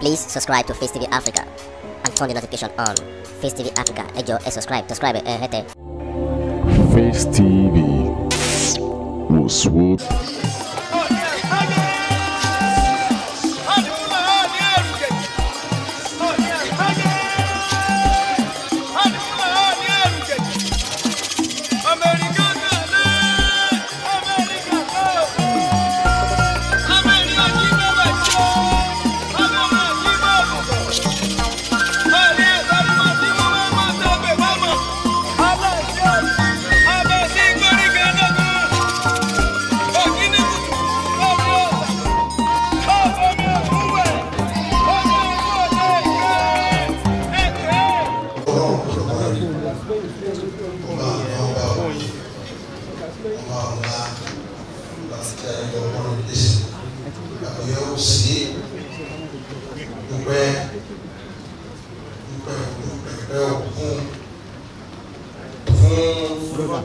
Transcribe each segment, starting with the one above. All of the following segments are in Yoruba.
Please subscribe to Face TV Africa and turn the notification on. Face TV Africa, ẹ jọ̀ọ́ ẹ subscribe, subscribe eh, hẹ́tẹ̀. Face TV was swoop. sí dúpẹ́ dúpẹ́ dúpẹ́ òkun fún.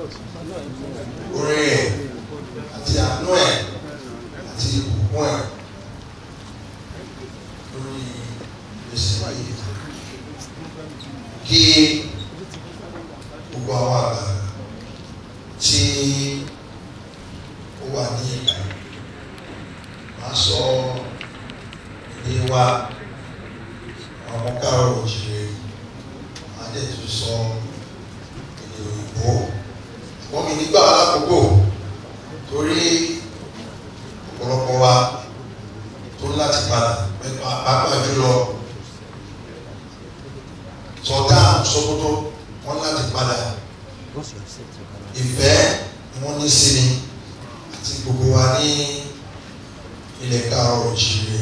ilẹ̀ káàárọ̀ òjìire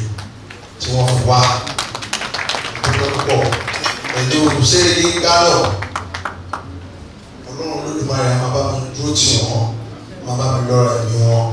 tí wọ́n fi wá dúpẹ́ púpọ̀ ẹ̀yin olùsẹ́yẹ ní gánà ọlọ́run lódìmarè máa bá mi dúró tì wọ́n máa bá mi lọ́ra ẹ̀mí wọn.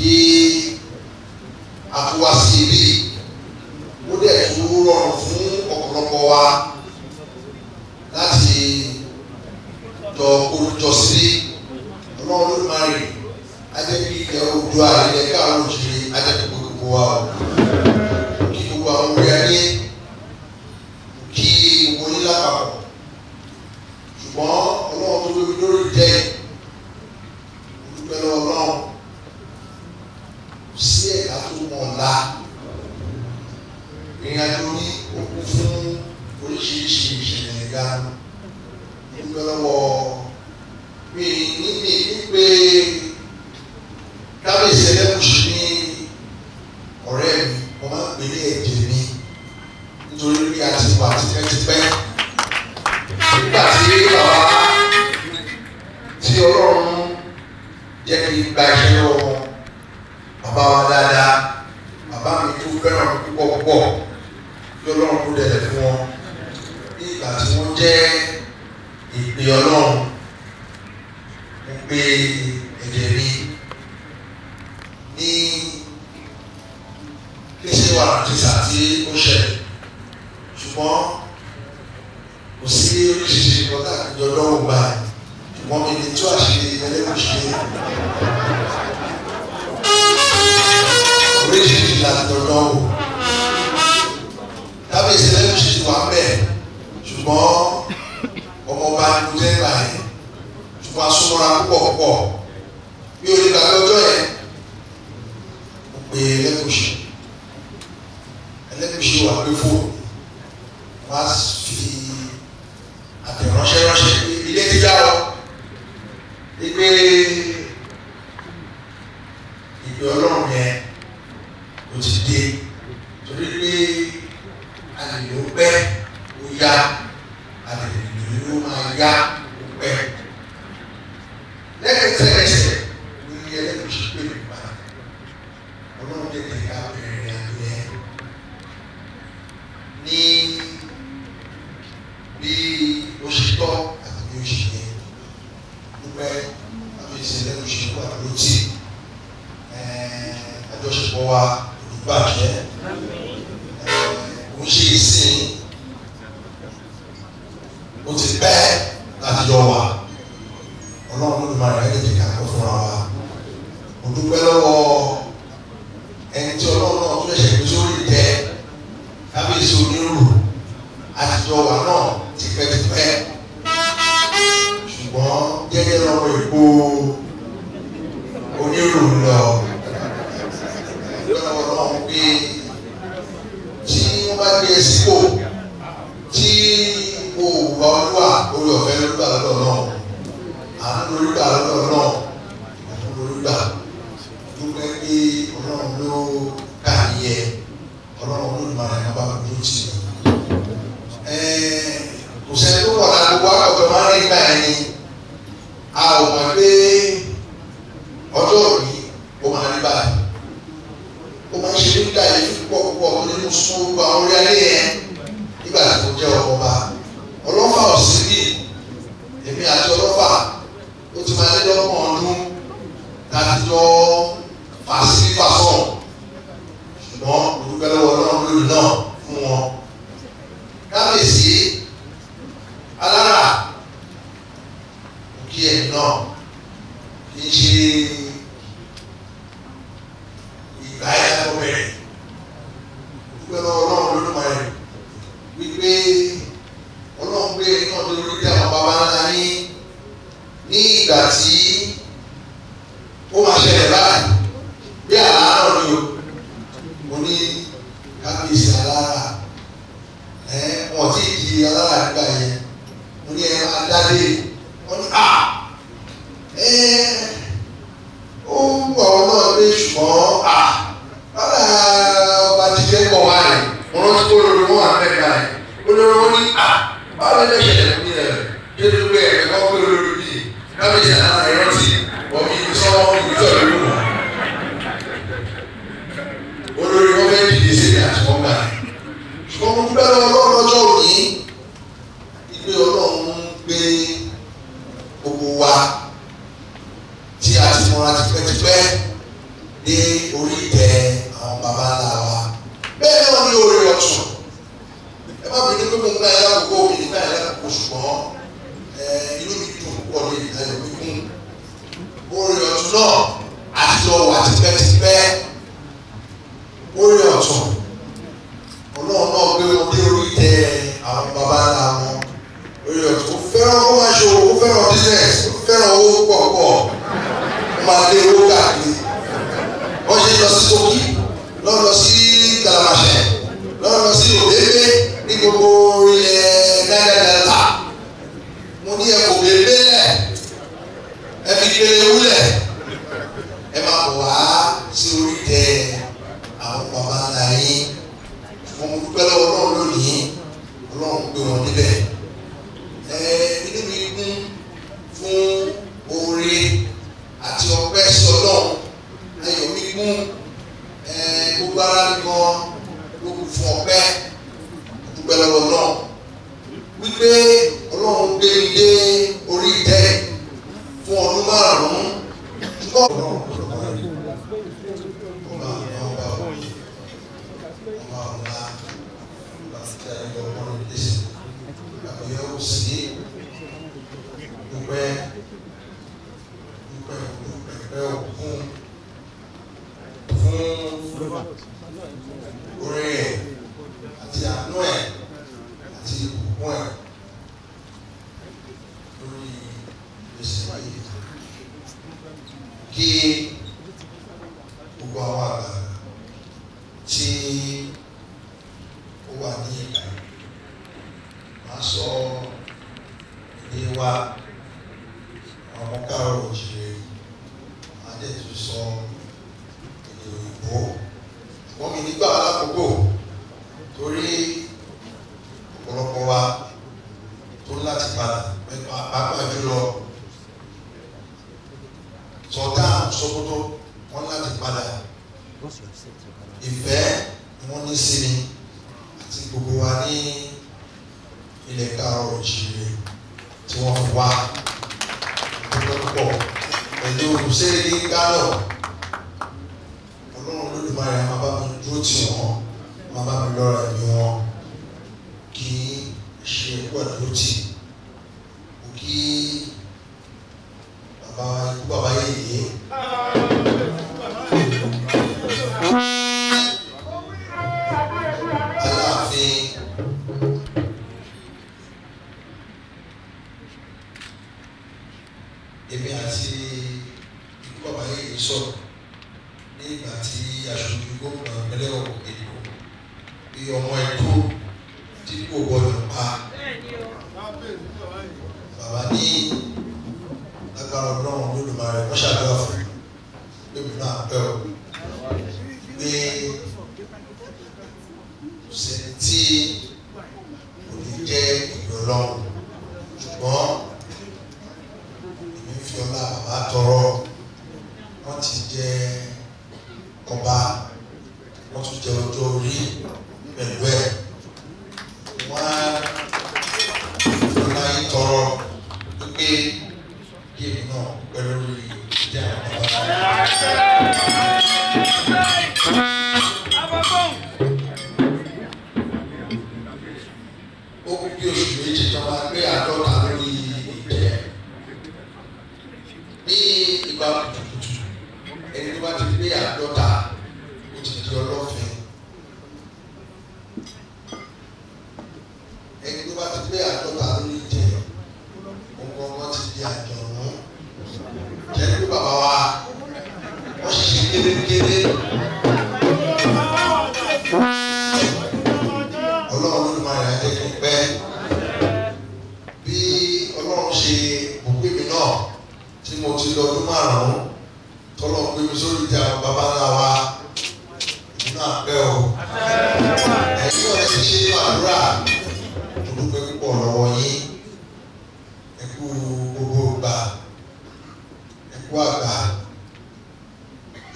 de back here on e quindi Oh. 一些。sọ èdè wa.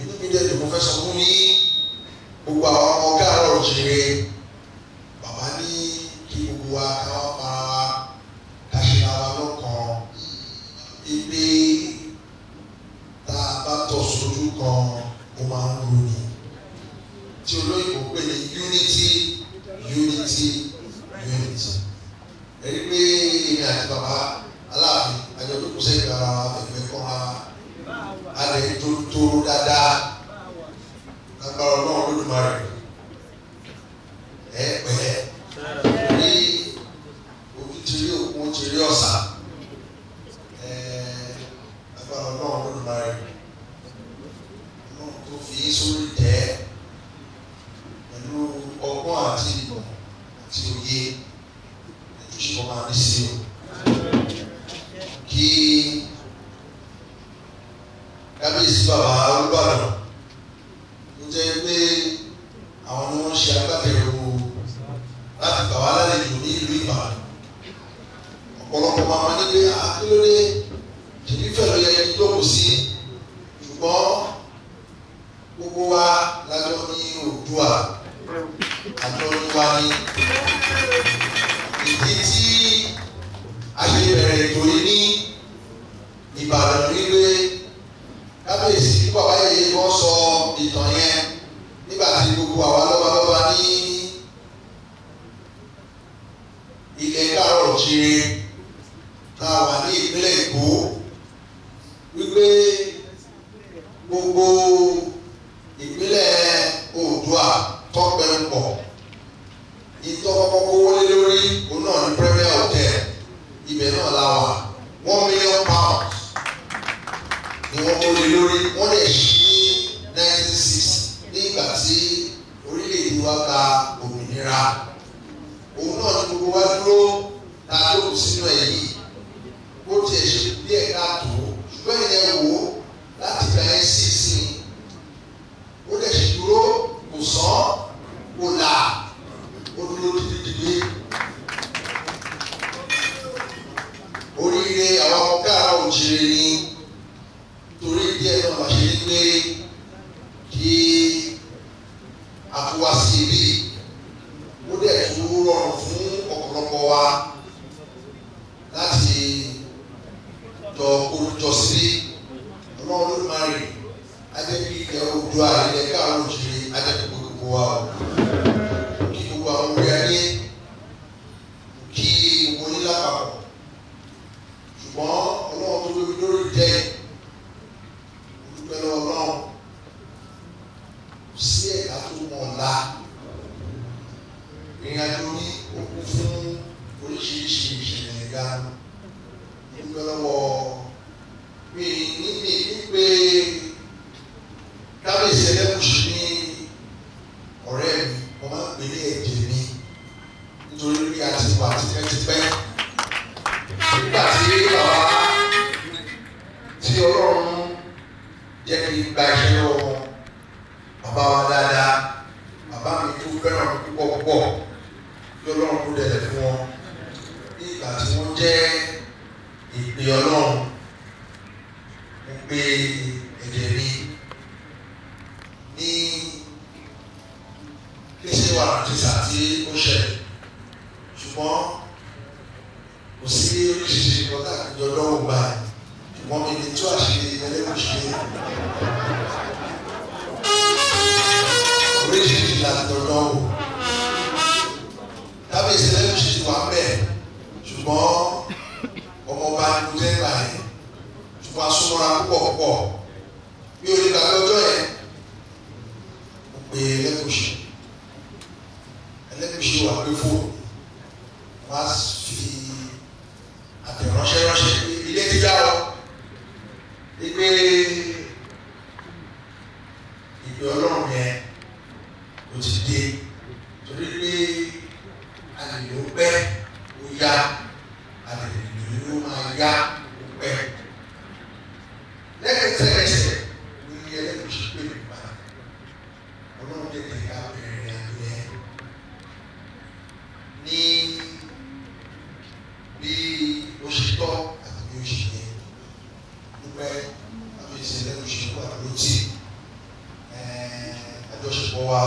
inú mi dẹ̀ lè mo fẹ́ sọ fún yín gbogbo àwọn ọmọ káàárọ̀ òjìrè. Cabeça para baixo. He will olórí day. oríṣiríṣi ìkọ́tà àjọ lọ́wọ́ gbà wọ́n mi ní tú àṣírí ẹlẹ́kùnṣe. oríṣiríṣi làjọ lọ́wọ́ kábíyèsí ẹlẹ́kùnṣe ti wà bẹ́ẹ̀ ṣùgbọ́n ọmọọba nùtẹ́gbà yẹn ṣùgbọ́n asúnmọ́ra púpọ̀ púpọ̀ bí onígbà lọ́jọ́ yẹn mo pè é ẹlẹ́kùnṣe ẹlẹ́kùnṣe wà pé fún tọ́ àtàbí òṣì yẹ dúpẹ́ àbí ìṣẹ̀lẹ̀ òṣì wà lótì àjọṣepọ̀ wa.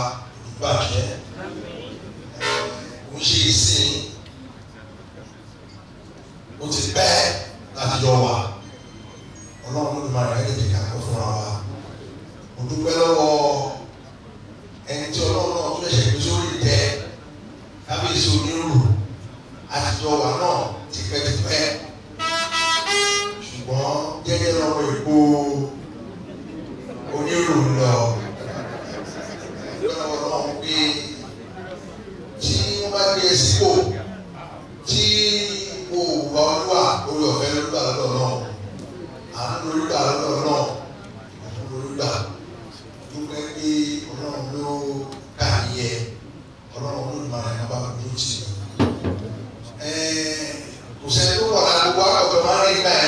praise back.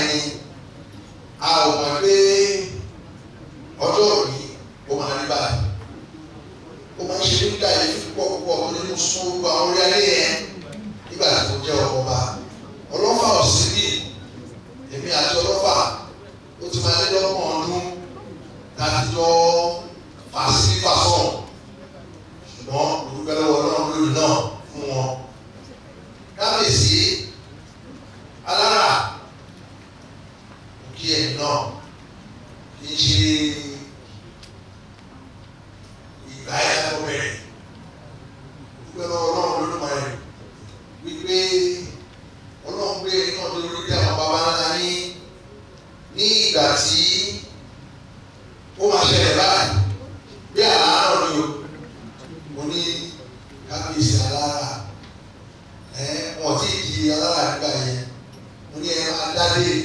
fi ṣe alára ẹ wọn di alára nígbà yẹn mo ní ẹ adádé.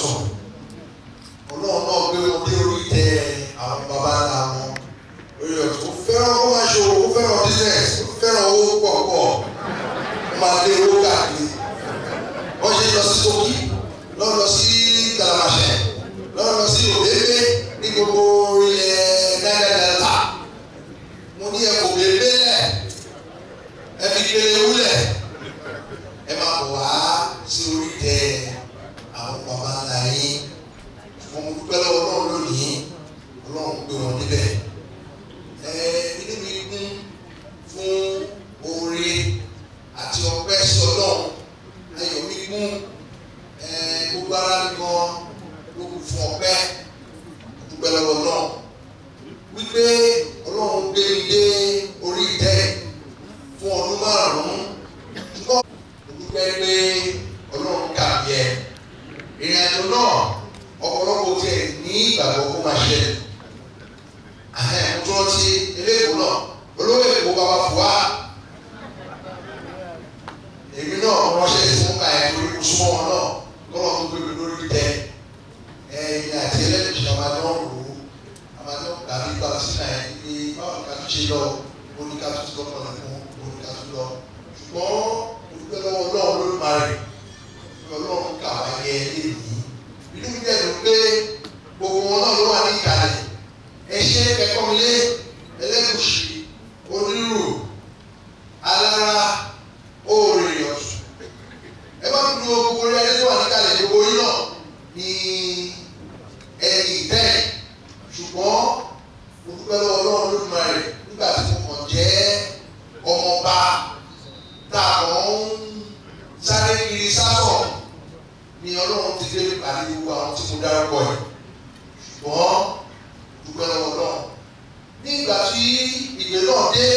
somos. tiẹ̀ ní ìgbàgbọ́ kó máa ṣẹlẹ̀ àhẹ́ mo tún rántí eléyìí náà olówó èkó bàbá fùwá. kiri sábọ̀ ni ọlọ́run ti dé pàdé gbogbo àwọn tí mo dárúkọ yìí ṣùgbọ́n dúpẹ́ lọ́wọ́ náà ní ìgbà tí ìgbé náà dé.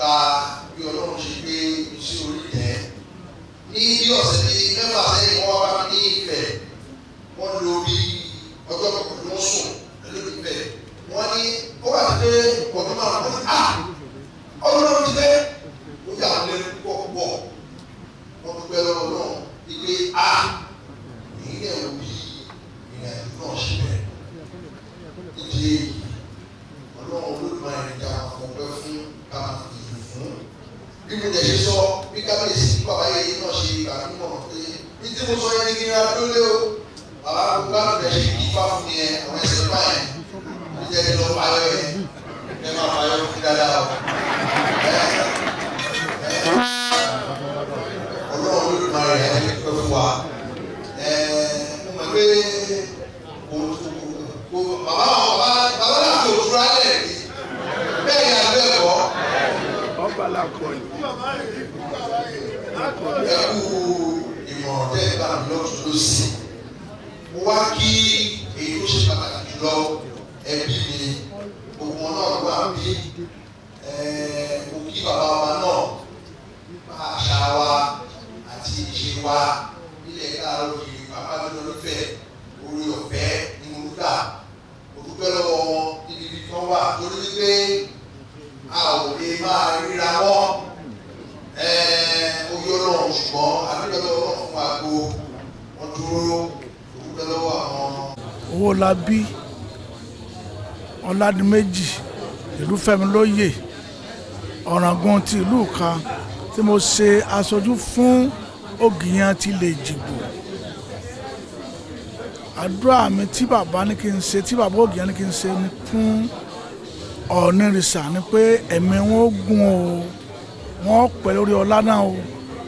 nípa bí ọlọ́run ṣe gbé sí orí tẹ́ ní bí ọ̀sẹ̀ bíi mẹ́fà sẹ́yìn wọ́n bá ní ìfẹ́ wọ́n lo bí ọjọ́ kọ̀ọ̀kan ló ń sùn lórí ìfẹ́ wọ́n ní ó wà ní pé ọ̀dọ́ máa ń bọ̀ á. Ah! alákọ̀ọ́nì. ẹ̀rù ìmọ̀ràn tẹ́ bá mi lọ́dún ló sí. wá kí èyí ó ṣe pàtàkì jùlọ ẹbí Ládìméjì ìlú Fẹ́mi Lóyè Ọ̀ràngún ti ìlú kan tí mo ṣe aṣojú fún Ògìyán ti lè jìgbò àdúrà mi tí bàbá ní kí n ṣe tí bàbá Ògìyán ní kí n ṣe ni fún ọ̀nìrìṣà ni pé ẹ̀mí wọn gùn o wọn pẹ́ lórí ọlá náà o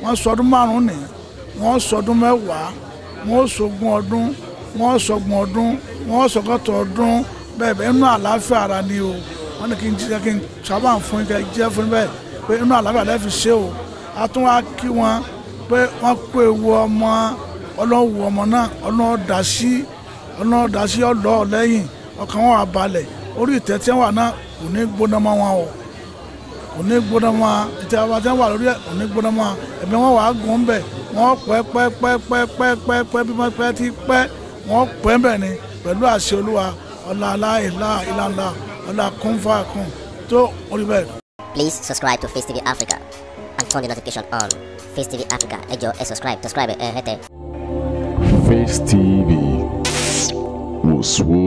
wọn sọdún márùn-ún nìyẹn wọn sọdún mẹ́wàá wọn sọgbọ̀n ọdún wọn sọgbọ̀n ọdún wọn sọgọ́tọ̀ ọdún bẹ́ẹ̀ bẹ́ẹ̀ inú àlàáfíà ara ni o wọ́n ní kí n jíjẹ́ kí n sábà fún yín kẹ́ jíjẹ́ fún bẹ́ẹ̀ pé inú àlàáfíà lẹ́ẹ̀ fi ṣe o a tún wá kí wọn pé wọ́n kó ewu ọmọ ọlọ́wù ọmọ náà ọlọ́ọ̀dásí ọlọ́ọ̀dásí ọlọ́ọ̀ lẹ́yìn ọkàn wọn wà balẹ̀ orí ìtẹ́ tí wọ́n wà náà kò ní gbóná mọ́ wọn o kò ní gbóná mọ́ wọn ìtẹ́ wọn tí wọ́n wà lórí ẹ̀ kò ní gbóná mọ́ wọn ẹ̀mí wọn wà á gùn bẹ̀ wọ́n pẹ́ pẹ́ pẹ́ pẹ́ pẹ́ pẹ́ pẹ́ bí wọ́n pẹ́ ti pẹ́ wọ́n pẹ́ bẹ̀ ni pẹ̀lú àṣẹ olúwa Allah la ilaha illallah Allah kun tó orí Please subscribe to Face TV Africa and turn the notification on. Face TV Africa ẹ jọ̀ọ́ ẹ subscribe subscribe ẹ hẹ́tẹ̀. Face TV wò sùn.